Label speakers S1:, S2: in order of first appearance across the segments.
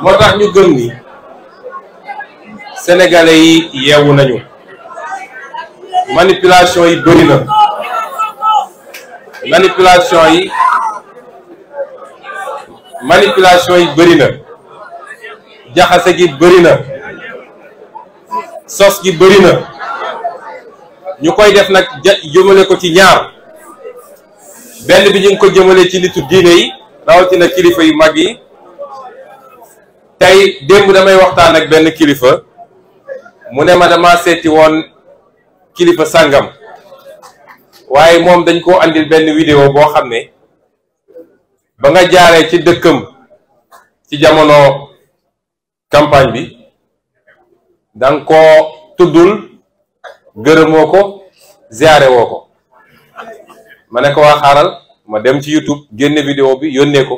S1: moo tax ñu gëm ni sénégalais yi yeewu nañu manipulation yi bëri na yi manipulation yi bëri na jaxase gi bëri na sos gi bëri na ñu koy def nag jë jëmale ko ci ñaar benn bi ñu ngi ko jëmale ci nitu diine yi rawatina kilifa yu mag yi tey démb damay waxtaan ak benn kilifa mu ne ma dama seeti woon kilifa sàngam waaye moom dañ koo indi benn vidéo boo xam ne ba nga jaaree ci dëkkam ci jamono campagne bi danga ko tuddul gërëmoo ko ziare woo ko ma ne ko waa xaaral ma dem ci YouTube génne vidéo bi yónnee ko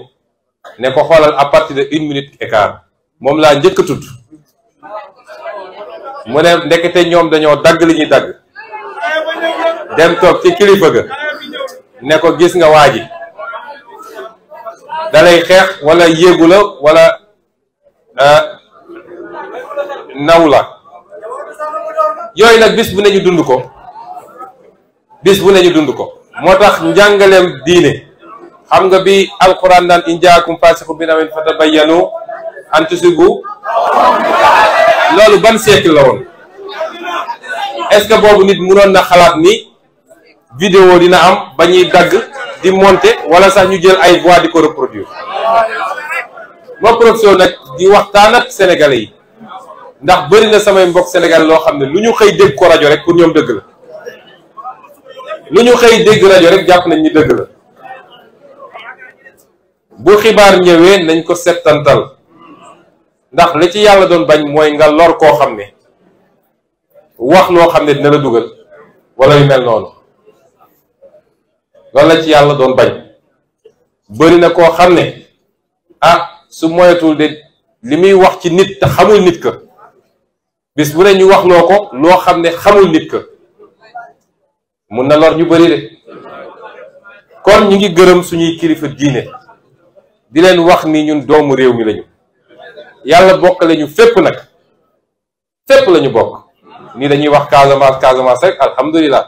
S1: ne ko xoolal à partir de une minute écart moom laa njëkk a tudd mu ne ndekete ñoom dañoo dagg li ñuy dagg dem toog ci kilifa ga ne ko gis nga waa ji dalay xeex wala yéegu la wala euh, naw la yooyu nag bis bu ne ñu dund ko bis bu ne ñu dund ko moo tax njàngaleem diine xam nga bi alquran daan in jaakum fasiqun bi naba'in fatabayyanu an tusibu loolu ban siècle la woon est-ce que boobu nit mënoon na xalaat ni vidéo dina am ba ñuy dagg di monter wala sax ñu jël ay voix di ko reproduire ma production nag di waxtaan ak sénégalais yi ndax bëri na samay mbokk sénégalais loo xam ne lu ñu xëy dégg ko rajo rek pour ñoom dëgg la lu ñu xëy dégg rajo rek jàpp nañ ni dëgg la bu xibaar ñëwee nañ ko settantal ndax li ci yàlla doon bañ mooy nga lor koo xam ne wax loo xam ne dina la dugal wala yu mel noonu loolu ci yàlla doon bañ bëri na koo xam ne ah su moyetul de li muy wax ci nit te xamul nit ka bis bu ne ñu wax loo ko loo xam ne xamul nit ka mun na lor ñu bëri de kon ñu ngi gërëm suñuy kilifa diine di leen wax ni ñun doomu réew mi lañu yàlla bokkale ñu fépp nag fépp lañu bokk nii dañuy wax Casamance Casamance rek alhamdulilah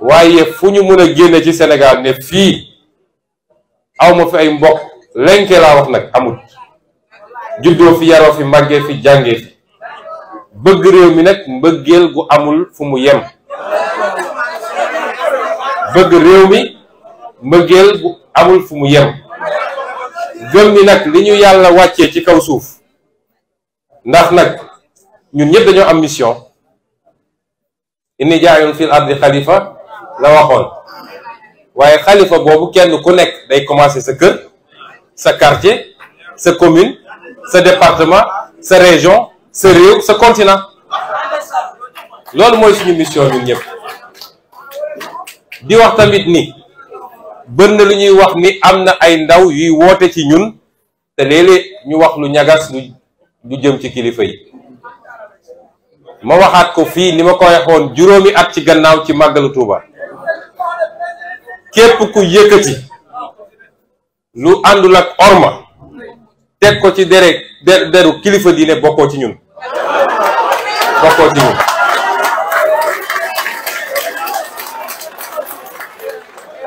S1: waaye fu ñu mun a génne ci senegal ne fii awma fi ay mbokk lenkee laa wax nag amut juddoo fi yaroo fi màggee fi jàngee fi bëgg réew mi nag mbëggeel gu amul fu mu yem bëgg réew mi mbëggeel gu amul fu mu yem gëm ni nag li ñu yàlla wàccee ci kaw suuf ndax nag ñun ñëpp dañoo am mission inni jaayun fil ardi xalifa la waxoon waaye xalifa boobu kenn ku nekk day commencer sa kër sa quartier sa commune sa département sa région sa réew sa continent loolu mooy suñu mission ñun ñëpp di wax tamit ni bër na lu ñuy wax ni am na ay ndaw yuy woote ci ñun te léeg ñu wax lu ñagas lu jëm ci kilifa yi ma waxaat ko fii ni ma ko waxoon juróomi at ci gannaaw ci màggalu Tuuba képp ku yëkkati lu àndul ak orma teg ko ci dere deru kilifa diine bokkoo bokkoo ci ñun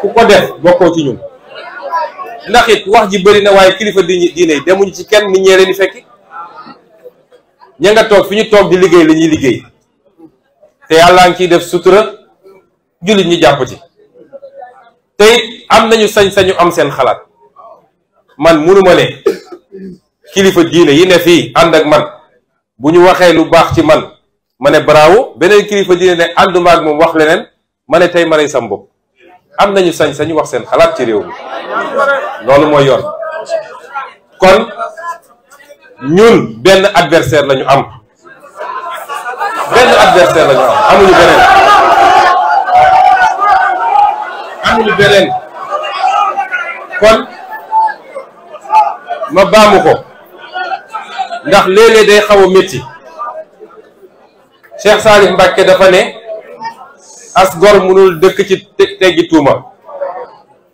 S1: ku ko def bokkoo ci ñun ndax wax ji bëri na waaye kilifa diine yi demuñu ci kenn ni ñee leen di fekki ña nga toog fi ñu toog di liggéey lañuy ñuy liggéey te yàlla ngi ciy def sutura jullit ñu jàpp ci te it am nañu sañ-sañu am seen xalaat man munuma ne kilifa diine yi ne fii ànd ak man bu ñu waxee lu baax ci man ma ne bravo beneen kilifa diine ne ànduma moom wax leneen ma ne tey ma rey sam bopp am nañu sañ-sañu wax seen xalaat ci réew mi loolu mooy yoon kon ñun benn adversaire lañu am benn adversaire lañu am amuñu beneen amuñu beneen kon ma baamu ko ndax léeg-léeg day xaw a métti Cheikh Salif Mbacké dafa ne as gor mënul dëkk ci teggi tuuma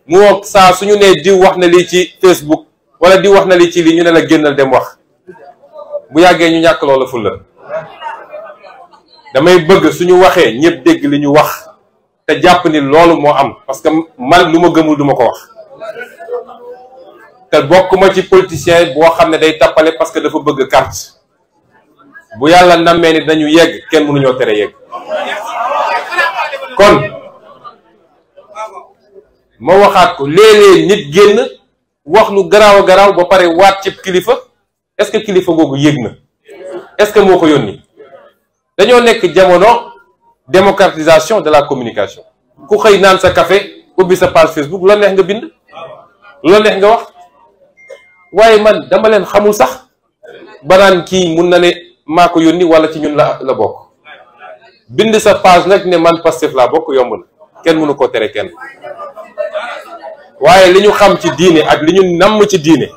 S1: mu woog saa suñu nee diw wax na lii ci Facebook wala diw wax na lii ci lii ñu ne la génnal dem wax bu yàggee ñu ñàkk loola fulla damay bëgg suñu waxee ñëpp dégg li ñu wax te jàpp ni loolu moo am parce que man lu ma gëmul du ma ko wax te bokk ma ci politicien boo xam ne day tappale parce que dafa bëgg carte bu yàlla nammee ni dañu yegg kenn mënuñoo tere yegg kon ma waxaat ko léeg-léeg nit génn wax lu garaaw garaaw ba pare waat ci kilifa est-ce que kilifa googu yëg na est-ce que moo ko yónni dañoo nekk jamono démocratisation de la communication ku xëy naan sa kafe ubbi sa page Facebook lu la neex nga bind lu la nga wax waaye man dama leen xamul sax banaan kii mun na ne maa ko yónni wala ci ñun la la bokk bind sa page nag ne man Pastef laa bokk yomb na kenn mënu koo tere kenn waaye li ñu xam ci diine ak li ñu namm ci diine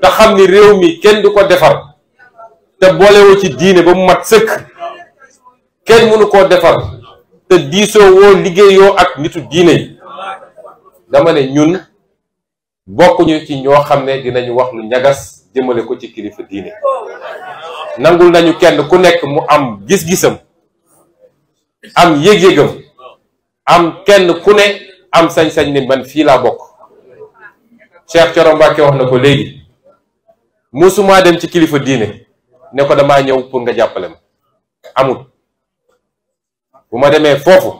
S1: te xam ni réew mi kenn du ko defar te boolewu ci diine ba mu mat sëkk kenn mënu koo defar te diisoo woo liggéeyoo ak nitu diine yi dama ne ñun bokkuñu ci ñoo xam ne dinañu wax lu ñagas jëmale ko ci kilifa diine nangul nañu kenn ku nekk mu am gis-gisam am yëg-yëgam am kenn ku ne am sañ-sañ ni man fii laa bokk Cheikh Thioro Mbacké wax na ko léegi musuma dem ci kilifa diine ne ko damaa ñëw pour nga jàppale ma amul bu ma demee foofu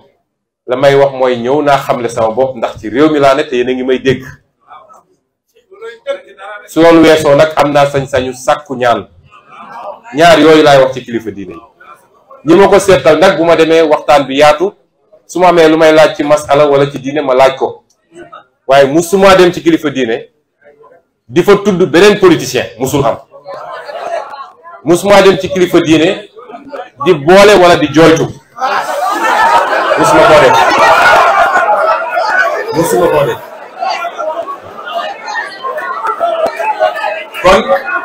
S1: la may wax mooy ñëw naa xamle sama bopp ndax ci réew mi laa ne te yéen ngi may dégg su loolu weesoo nag am naa sañ-sañu sàkku ñaan ñaar yooyu laay wax ci kilifa diine yi ñi ma ko seetal nag bu ma demee waxtaan bi yaatu su ma amee lu may laaj ci masala wala ci diine ma laaj ko waaye musuma dem ci kilifa diine di fa beneen politicien musul am dem ci kilifa diine di boole wala di jooytu musuma koo def musuma koo def kon